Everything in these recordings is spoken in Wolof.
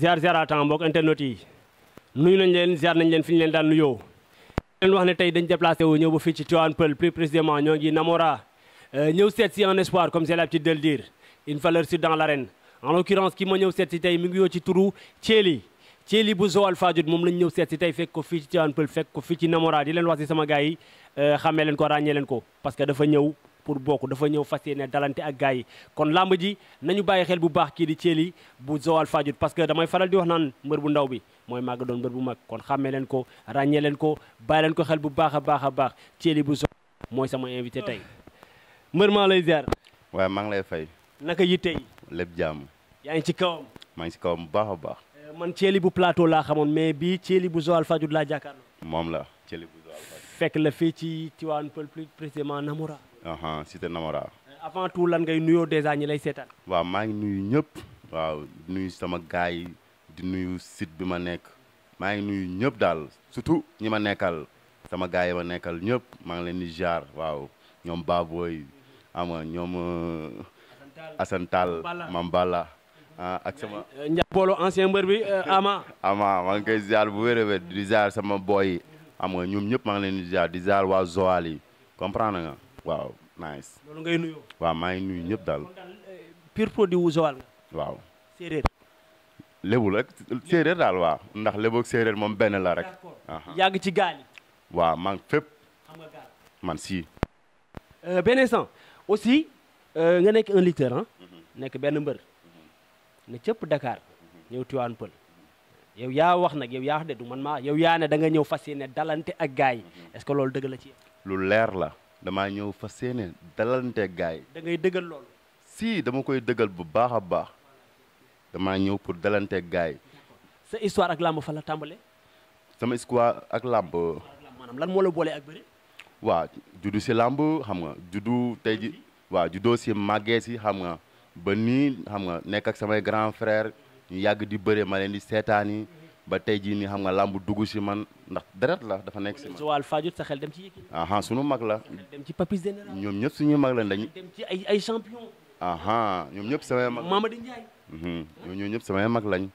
ziar ziaraatan mbokk internet yi nuyu nañ leen ziar nañ leen fi ñu leen daan nuyoo leen wax ne tey dañ déplacé wu ñëw ba fii ci Tivaouane Peulh plus précisément ñoo ngi Namora euh, ñëw seet si un espoir comme j'ai l'habitude de le dire une valeur sûre en l'occurrence ki ma ñëw seet si tey mi ngi yoo ci turu Thiely Thiely bu Joal Fadiouth moom lañ ñëw seet si tey fekk ko fii ci Tivaouane Peulh fekk ko fii ci Namora di leen wax si sama gars yi euh, xamee leen ko ràññee ko parce que dafa ñëw pour bokk dafa ñëw fas yéene dalante ak gars kon làmb ji nañu bàyyi xel bu baax kii di Thiely bu Joal Fadiouth parce que damay faral di wax naan mbër bu ndaw bi mooy màgg doon mbër bu mag kon xàmmee leen ko ràññee leen ko bàyyi leen ko xel bu baax a baax a baax Thiely bu Joal mooy sama invité tey mbër maa lay ziar. waaye maa lay fay. naka yi tey. lépp jàmm. ci kawam. maa ci kawam bu baax eh, man Thiely bu plateau laa xamoon mais bii Thiely bu Joal Fadiouth laa jàkkaarloo. moom la Thiely bu Joal Fadiouth. fekk la fii ci Tivaouane Peulh plus précisément Namora. cité uh-huh, Namora. Euh, avant tout lan ngay nuyoo dèjà ñi lay seetaan. waaw maa ngi nuyu ñëpp. waaw nuyu sama gars yi di nuyu site bi ma nekk maa ngi nuyu ñëpp daal surtout ñi ma nekkal sama gars yi ma nekkal ñëpp maa ngi leen di jaar waaw ñoom Baboy am ñoom euh, Assane Tall Mambala ah, ak sama. Ndiabolo euh, ancien mbër bi Ama. Ama maa ngi koy ziar bu wér a wér di ziar sama boy yi am nga ñoom ñëpp maa ngi leen di ziar di ziar waa Joal yi comprendre nga. waaw nice. loolu ngay nuyoo. waaw maa ngi nuyu ñëpp daal. Eh, pur produit wu waaw séeréer. lébu rek séeréer daal waaw. ndax lébu ak séeréer moom benn la rek. d'accord yàgg ci gaal yi. waaw man fépp. xam nga man si. Euh, benn instant aussi euh, nga nekk un lutteur mhm. nekk benn mbër. Mhm. ne cëpp dakaar mhm. ñëw Tivaouane Peulh. yow yaa wax nag yow yaa wax du man maa yow yaa ne da nga ñëw fas ne dalante ak gars yi est loolu dëgg la ci. lu leer la. damaa ñëw fas yéene dalante gaay yi. da ngay dëggal loolu. si dama koy dëggal bu baax a baax damaa ñëw pour dalante gaay yi. sa histoire ak làmb fa la tàmbalee. sama histoire ak làmb. maanaam lan moo la ak waa juddu si làmb xam nga juddu te ji waa juddoo si màggee si xam nga ba nii xam nga nekk ak samay grand frère ñu yàgg di bëre ma leen di seetaani ba tey jii nii xam nga làmb dugg si man ndax deret la dafa nekk si man. Joal Fadiouth sa dem ci Yékini. aha sunu mag la. ci Papis ñoom ñëpp suñuy mag lañ dañuy. ci ay ay champion. aha ñoom ñëpp samay mag. Mamadi Ndiaye. Mhm, ñëpp samay mag lañ.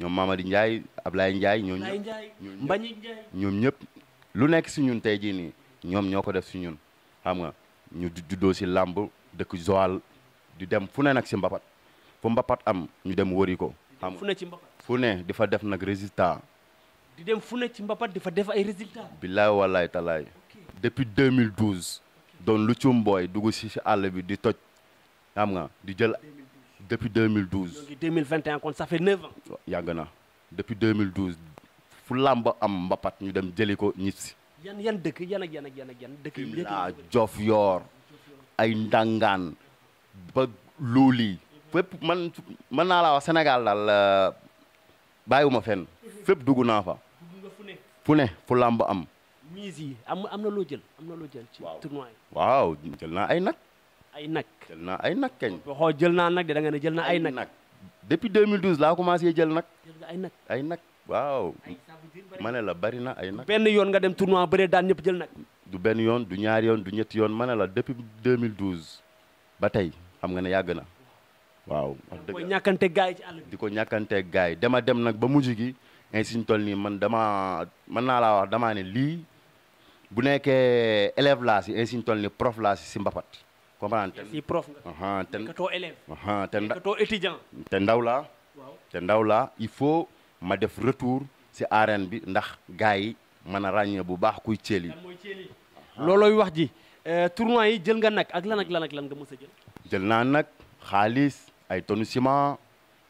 ñoom Mamadi Ndiaye Ablaye Ndiaye ñoo ñëpp. Mbañi Ndiaye ñoom ñëpp. lu nekk si ñun tey jii nii ñoom ñoo ko def si ñun xam nga ñu juddoo si làmb dëkk Joal di dem fu ne nag si mbapat fu mbapat am ñu dem wëri ko. fu ne ci mbapat. fu ne di fa def nag résultat. di dem fu ne ci mbapat di fa def ay résultat billaay wallaay talaay. depuis 2012. doon lu cum booy dugg si si àll bi di toj. xam nga di jël depuis 2012. donc 2021 kon ça fait 9 ans. Oh, yàgg na depuis 2012. fu làmb am mbapat ñu dem jëli ko ñib si. yan yan dëkk yan ak yan ak yan ak yan dëkk yi. jof yoor ay ndangaan ba luuli. fépp man mën naa laa wax Sénégal daal. Euh, bàyyiwuma fenn fépp dugg naa fa. fu ne fu làmb am. mise yi am am na loo jël am na loo jël. ci tournoi yi waaw jël naa ay nag. ay nag jël naa ay nag kañ. waxoo jël naa nag de da nga ne jël naa ay nag. depuis 2012 laa commencé jël nag. ay nag ay nag. waaw ma ne la bari na ay nag. benn yoon nga dem tournoi bëree daan ñëpp jël nag. du benn yoon du ñaari yoon du ñetti yoon ma ne la depuis 2012 ba tey xam nga ne yàgg na. waaw wax dëgg koy ñàkkante gaay ci àll di ko ñàkkante gaay dama dem nag ba mujj gi ainsi suñ toll nii man dama mën naa laa wax damaa ne lii bu nekkee élève laa si ainsi suñ toll nii prof laa si si mbapat comprendre te si prof nga te nekkatoo élève te nekkatoo étudiant te ndaw laa te ndaw laa il faut ma def retour si arène bi ndax gaay yi mën a ràññee bu baax kuy ceeli loolooy wax ji euh, tournoi yi jël nga nag ak lan ak lan ak lan nga mës a jël jël naa nag xaalis ay tonne ciment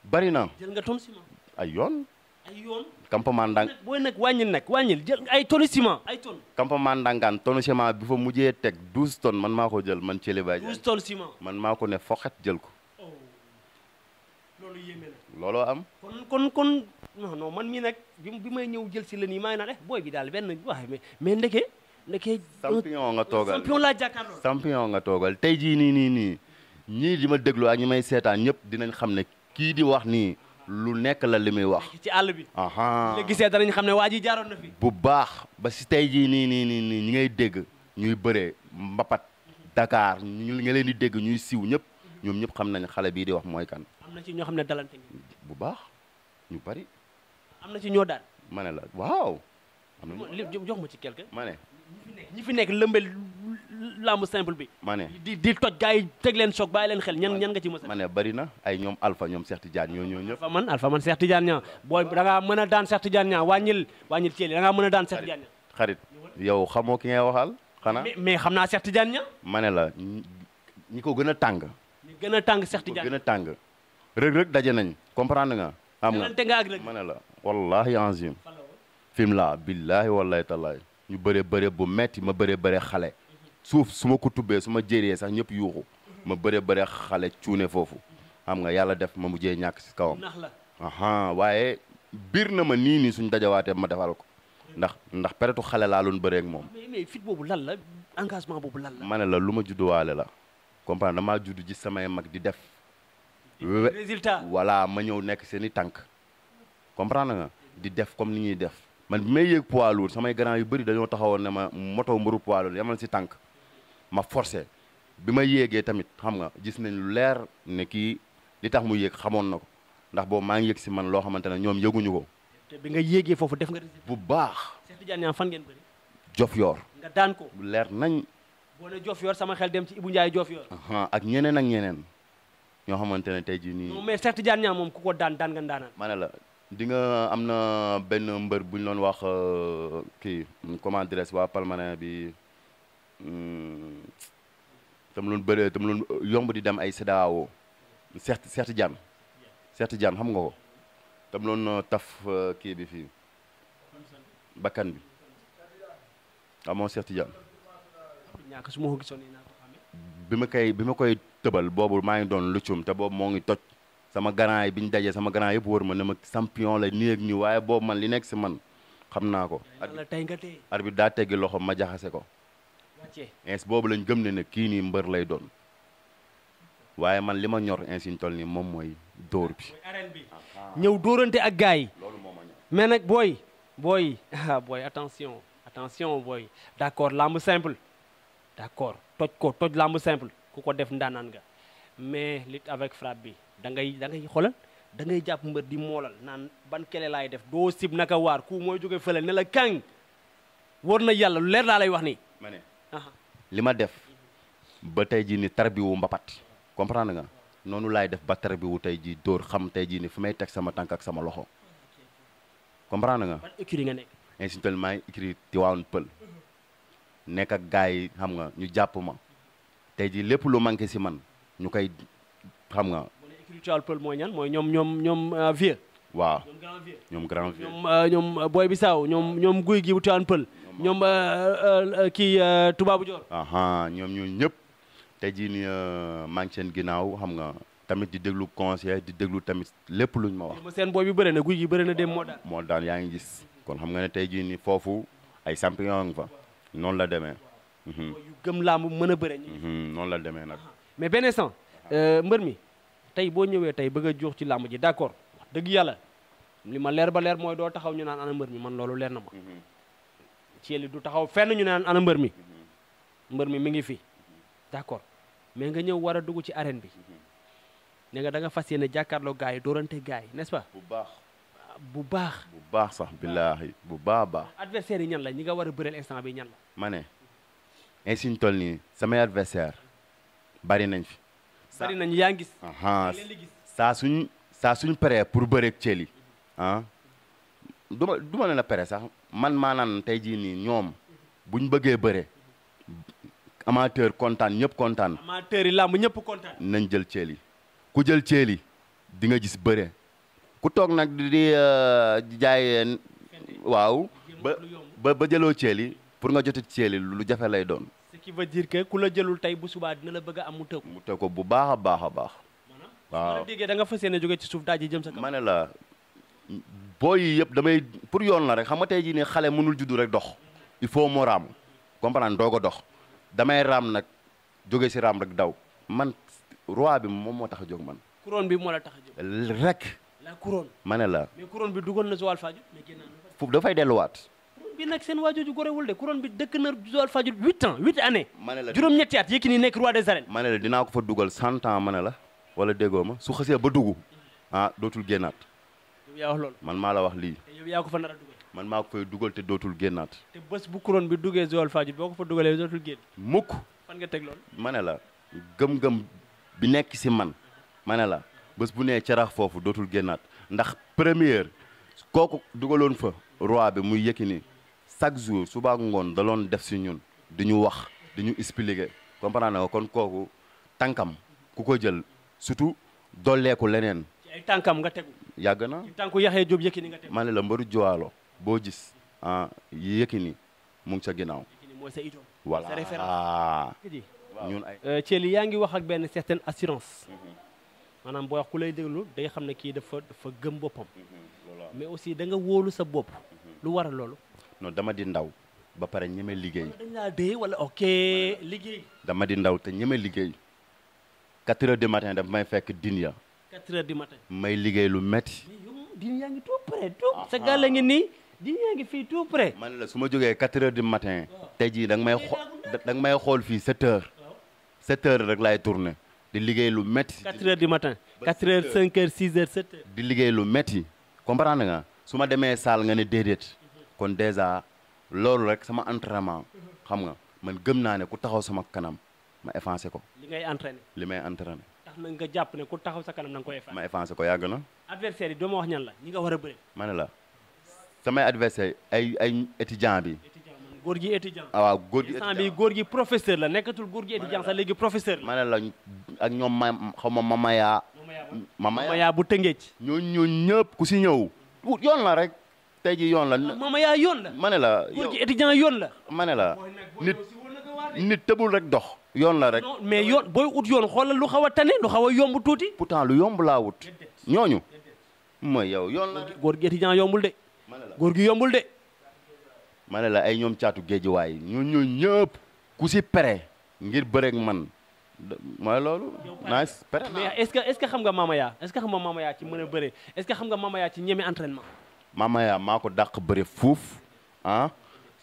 bari na. jël nga tonne ciment. ay yoon. ay yoon. campement ndang booy nag wàññil nag wàññil jël ay tonne ciment ay tonne. campement bi fa mujjee teg douze tonnes man maa ko jël man Thielé Baye. douze tonnes ciment. man maa ko ne foxet jël ko. Oh. loolu yéeme na. looloo am. kon kon si la nii maa ngi naan eh, ndeke. ndeke champion nga toogal champion nga toogal tey jii nii nii nii. ñii di ma déglu ak ñi may seetaan ñëpp dinañ xam ne kii di wax nii lu nekk la li muy wax. ci àll bi. léegi gisee danañ xam ne waa ji jaaroon na fi. bu baax ba si tey jii nii nii nii nii ñi ngay dégg ñuy bëree mbapat Dakar ñu nga leen di dégg ñuy siw ñëpp ñoom ñëpp xam nañ xale bii di wax mooy kan. am na ci ñoo xam ne dalante bu baax ñu bari. am na ci ñoo daal. ma ne la waaw. am na jox ma ci quelque. ma ne. ñi fi nekk lëmbel lamb simple bi. ma ne di di toj gars yi teg leen choc bàyyi leen xel ñan ñan nga ci mos a. ma bari na ay ñoom Alpha ñoom Cheikh Tidiane ñoo ñoo ñëpp. Alpha man Alpha man Cheikh Tidiane ñaa booy da ngaa mën a daan Cheikh Tidiane ñaa wàññil wàññil ceeli da ngaa mën a daan Cheikh Tidiane ñaa. xarit yow xamoo ki ngay waxal. xanaa mais xam naa Cheikh Tidiane ñaa. ma ne la ñi ko gën a tàng. ñi gën a tàng Cheikh Tidiane gën a tàng. rëg rëg daje nañ comprendre nga. xam nga ma ne la wallaahi azim film la billaahi wallaahi tallaahi ñu bëre bëre bu metti ma bëre bëre xale suuf su ma ko tubbee su ma jëree sax ñëpp yuuxu ma bëre bëre xale cuune foofu xam nga yàlla def ma mu jee ñàkk si kawam aha waaye biir na ma nii nii suñ dajawaatee ma defal ko ndax ndax peretu xale laa loon bëree moom mais boobu lan la engagement boobu lan la la lu ma judduwaale la comprendre damaa judd gis samay mag di def résultat voilà ma ñëw nekk seeni i tànk comprendre nga di def comme ni ñuy def man bi may yéeg poids lourd samay grand yu bëri dañoo taxawoon ne ma moto mburu poids lourd yamal si tànk ma forcé bi ma yéegee tamit xam nga gis nañ lu leer ne kii li tax mu yéeg xamoon na ko ndax boo maa ngi yéeg si man loo xamante ne ñoom yëguñu ko. te bi nga yéegee foofu def nga. bu baax. Cheikh Tidiane fan ngeen bëri. lu leer nañ. boo ne Jof yor sama xel dem ci Ibou Ndiaye Jof yor. ak ñeneen ak ñeneen ñoo xamante ne tey jii nii. mais Cheikh Tidiane moom ku ko daan daa ma ne la di nga am na benn mbër bu ñu doon wax euh, kii comment dirais waa palmarin bi hmm, tam loon bëree tam loon euh, yomb di dem ay CEDEAO Cheikh Cheikh Diane Cheikh Diane xam nga ko tam loon euh, taf kii bi fii bakkan bi amoon Cheikh Diane bi ma koy bi ma koy tëbal boobu maa ngi doon luccum te boobu moo ngi toj sama grand yi bi ñu dajee sama grand yëpp wër ma ne ma champion la nii ak nii waaye boobu man li nekk si man xam naa ko. arbitre daa teggi loxo ma jaxase ko. ins boobu lañ gëm ne ne kii nii mbër lay doon waaye man li ma ñor insiñ toll nii moom mooy dóor bi. ñëw dóorante ak gars yi. mais nag booy. booy ah booy attention attention booy d' accord lamb simple d' accord toj ko toj lamb simple ku ko def ndaanaan nga mais lutte avec frappe bi. da ngay da ngay da ngay jàpp mbër di moolal naan ban kele laay def doo sib naka waar ku mooy jóge fële ne la kàng war na yàlla lu leer laa lay wax nii. ma ne li ma def ba tey jii ni tarbiwu mbapat comprendre nga noonu laay def ba tarbiwu tey jii dóor xam tey jii ni fu may teg sama tànk ak sama loxo comprendre nga. ban écurie nga nekk. ainsi maa ngi écurie Tivaouane Pël nekk ak gars yi xam nga ñu jàpp ma tey jii lépp lu manqué si man ñu koy xam nga. spiritual pël mooy mooy ñoom ñoom ñoom euh, vieux waaw ñoom grand vieux ñoom booy bi saaw ñoom ñoom guy gi bu tiwaan pël ñoom euh, euh, kii tubaabu joor aha ñoom ñoo ñëpp tey jii ni maa ngi ginnaaw xam nga tamit di déglu conseil di déglu tamit lépp luñ ma wax ma seen booy bi bëri na guy gi bëri na dem moo daan moo daan yaa ngi gis kon xam nga ne tey jii ni foofu ay champion nga fa noonu la demee yu gëm làmb mën a bëri mhm, noonu la demee nag mais benn instant mbër mi tey boo ñëwee tey bëgg a jox ci làmb ji d' accord wax dëgg yàlla li ma ba taxaw ñu naan ana mi man loolu leer na ma mhm. ceeli du taxaw fenn ñu naan ana mbër mi mhm. mbër mi mi ngi fi d' accord mais nga ñëw war dugg ci arène bi mhm. ne nga da nga n' ce pas. bu baax bu baax. bu baax sax billaahi bu baax adversaire yi ñan la ñi nga war a bëreel instant bi ñan la. ma ne ainsi ñu toll adversaire bari nañ fi. sari nañ yaa ngi gis saa suñ saa suñ paree pour bëreeg ceel yi ah du ma ne la pare sax man maanaan tey jii nii ñoom buñ bëggee bëre amateur kontaan ñëpp kontaan. amateur yi làmb ñëpp kontaan. nañ jël ceel yi ku jël ceel yi di nga gis bëre ku toog nag di euh, jaay euh, waaw ba ba jëloo ceel yi pour nga jotee ceel lu jafe lay doon. qui veut dire que ku la jëlul tey bu subaa dina la bëgg am mu tëw mu tëw ko bu baax a baax a baax waaw ma déggee da nga fas yéene jóge ci suuf daaji jëm sa ma ne la booy yëpp damay pour yoon la rek xam nga tey jii ne xale mënul juddu rek dox il faut moo raam comprendre doo ko dox damay raam nag jóge si raam rek daw man roi bi moom moo tax a jóg man couronne bi moo la tax rek la couronne ma ne la mais couronne bi duggoon na si Walf Fadjri delluwaat bi nag seen waajooju gorewul de couronne bi dëkk na Joal Fadiouth huit ans huit années ma ne la juróom-ñetti at nekk roi des arènes ma ne la dinaa ko fa dugal cent ans ma ne la wala déggoo ma su xasee ba dugg ah dootul génnaat yow yaa wax man maa la wax lii yow yaa ko fa nar a man maa ko fay dugal te dootul génnaat te bës bu couronne bi dugee Joal Fadiouth boo ko fa dugalee dootul génn mukk fan nga teg ma ne la gëm-gëm bi nekk si man ma ne la bés bu nee carax foofu dootul génnaat ndax première kooku dugaloon fa roi bi muy Yékini chaque jour suba ngoon daloon loon def si ñun di ñu wax di ñu expliquer comprendre nga kon kooku tànkam ku ko jël surtout dolleeku leneen. ay tànkam nga tegu. yàgg na tànku yaxee Jóob Yékini nga tegu. ma ne la mbaru Jowaalo boo gis ah Yékini mu ngi sa ginnaaw. mooy sa idole voilà sa référence ñun ay. Euh, Thiel yaa ngi wax ak benn certaine assurance. Mhm. maanaam boo wax ku lay déglu day xam ne kii dafa dafa gëm boppam. Mhm. mais aussi danga nga wóolu sa bopp. Mhm. lu waral loolu. No, dama di ndaw ba pare ñeme liggéey dañ wala ok liggéey dama di ndaw te ñeme liggéey 4 heures du matin daf may fekk dinya 4 heures du matin may liggéey lu metti dinya ngi tout près tout ah, sa gàlla ngi ah. nii dinya ngi fii tout près man la su ma jógee 4 heures du matin ah. tey jii da may may 7 7 rek tourner di liggéey lu metti 4 du matin 4 5 6 7 di liggéey lu metti comprendre nga nga kon dèjà loolu rek sama entraînement xam nga man gëm naa ne ku taxaw sama kanam ma effacé ko. li ngay entraîné li may entraîné. tax na nga jàpp ne ku taxaw sa kanam na nga koy effacé. ma effacé ko yàgg na. adversaire yi doo ma wax la ñi nga war bëri. ma ne la samay adversaire ay ay étudiant bi. góor gi étudiant ah waaw góor gi bi góor gi professeur la nekkatul góor gi étudiant léegi professeur ma ne la ak ñoom ma xaw ma ma mamaya bu tëngeej. ñooñu ñooñu ñëpp ku si ñëw yoon la rek. tey ji yoon la. Ah, maama yaa yoon la ma ne la. yow yoon la. ma la nit nit tëbul rek dox. yoon la rek non mais yoon booy ut yoon xoolal lu xaw a tane lu xaw a yomb tuuti. pourtant lu yombu laa wut ñooñu. mooy yow yoon la góor gi yombul de. góor gi yombul de. ma ne la ay ñoom caatu géej waay ñu ñun ñëpp ku si pere ngir bëreeg man mooy loolu. nice pere mais est-ce que est-ce que xam nga maama yaa est xam nga maama yaa ci mën a bëree xam nga maama yaa ci ñeme entraînement. Mamaya maa ko dàq bëri fuuf ah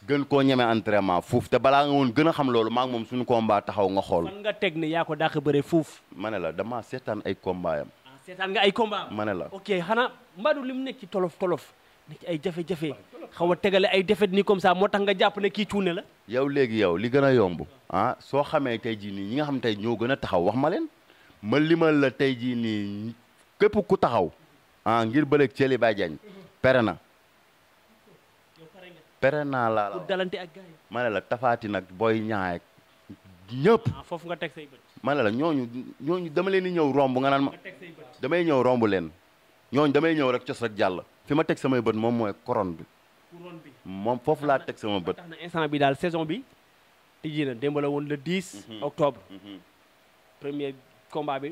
gën koo ñeme entraînement fuuf te balaa nga woon gën a xam loolu maa ngi moom suñu combat taxaw nga xool. fan nga teg ne yaa ko dàq bëri fuuf. ma la damaa seetaan ay combat yam. Ah, seetaan nga ay combat ma ne la ok xanaa Mbadou li mu nekk ci tolof tolof nekk ay jafe-jafe xaw tegale ay défaite nii comme saa moo tax nga jàpp ne kii cuune la. yow léegi yow li gën a yomb. ah soo xamee tey jii nii ñi nga xam tey ñoo gën a taxaw wax ma leen ma limal la tey jii nii képp ku taxaw ah ngir bëreeg Thierry pere na pere naa laa la dalante ak la tafaati nag booy ñaay ñëpp ah, foofu nga teg say bët ma ne la ñooñu ñooñu dama leen di ñëw rombu nga naan ma damay ñëw romb leen ñooñu damay ñëw rek cos rek jàll fi ma teg samay bët moom mooy couronne bi moom foofu laa teg sama bët na instant bi daal saison bi tijji na démb la woon le 10 mhm. octobre mhm. premier combat bi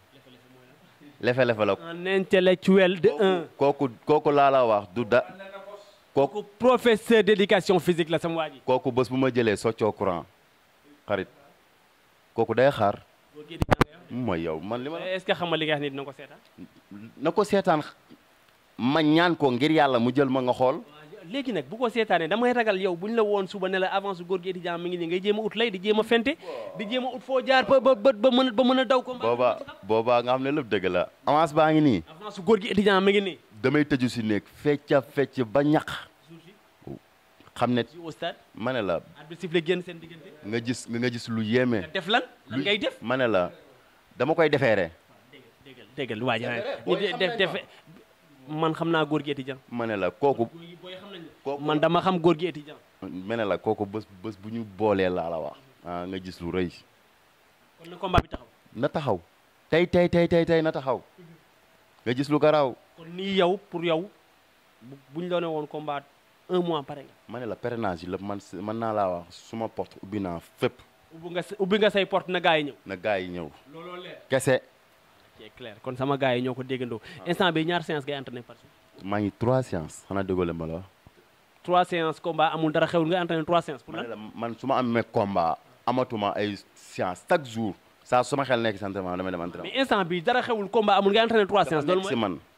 lefe-lefe la. un intellectuel de un. koku koku la la wax du da. koku professeur d'éducation physique la sama waa ji. kooku bés bu ma jëlee soccoo courant xarit koku day xaar. ma yow man li eh, est-ce que xam nga li nga xam ne dina ko seetaan. ma ñaan ko ngir yalla mu jël ma nga xol léegi nag bu ko seetaanee damay ragal yow buñ la woon suba ne la avance góor gi étudiant mi ngi nii ngay jéem a lay di jéem a fente di jéem a ut foo jaar ba ba ba mën ba mën a daw ko boobaa boobaa nga xam ne lépp dëgg la avance baa ngi nii avance góor gi étudiant mi ngi nii damay tëju si néeg fecca fecc ba ñaq xam ne ma ne la nga gis nga gis lu yéeme def lan ngay def ma la dama koy defeere déggal déggal waa ji def man xam naa góor gi étudiant. ma ne la kooku. kooku man dama xam góor gi étudiant. ma ne la kooku bës bés bu ñu boolee laa la wax. Ah, nga gis lu rëy. na combat bi taxaw. na taxaw tey tey tey tey tey na taxaw. nga gis lu garaaw. kon nii yow pour yow buñ doone woon combat un mois pare nga. ma ne la parrainage yi la man mën naa laa wax suma porte ubbi naa fépp. ubbi nga say ubbi nga say porte na gaa yi ñëw. na gaa yi ñëw. kese. kon sama gars ñoo ko déggandoo ah. instant bi ñaar séance ngay entraîné par maa ngi trois séances xanaa déggoo la ma la trois séances combat amul dara xewul nga entraîné trois séances pour la man su ma amee combat amatuma ay séance chaque jour saa su ma xel nekk si entraînement damay dem entraînement mais instant bi dara xewul combat amul nga entraîné trois séances loolu mooy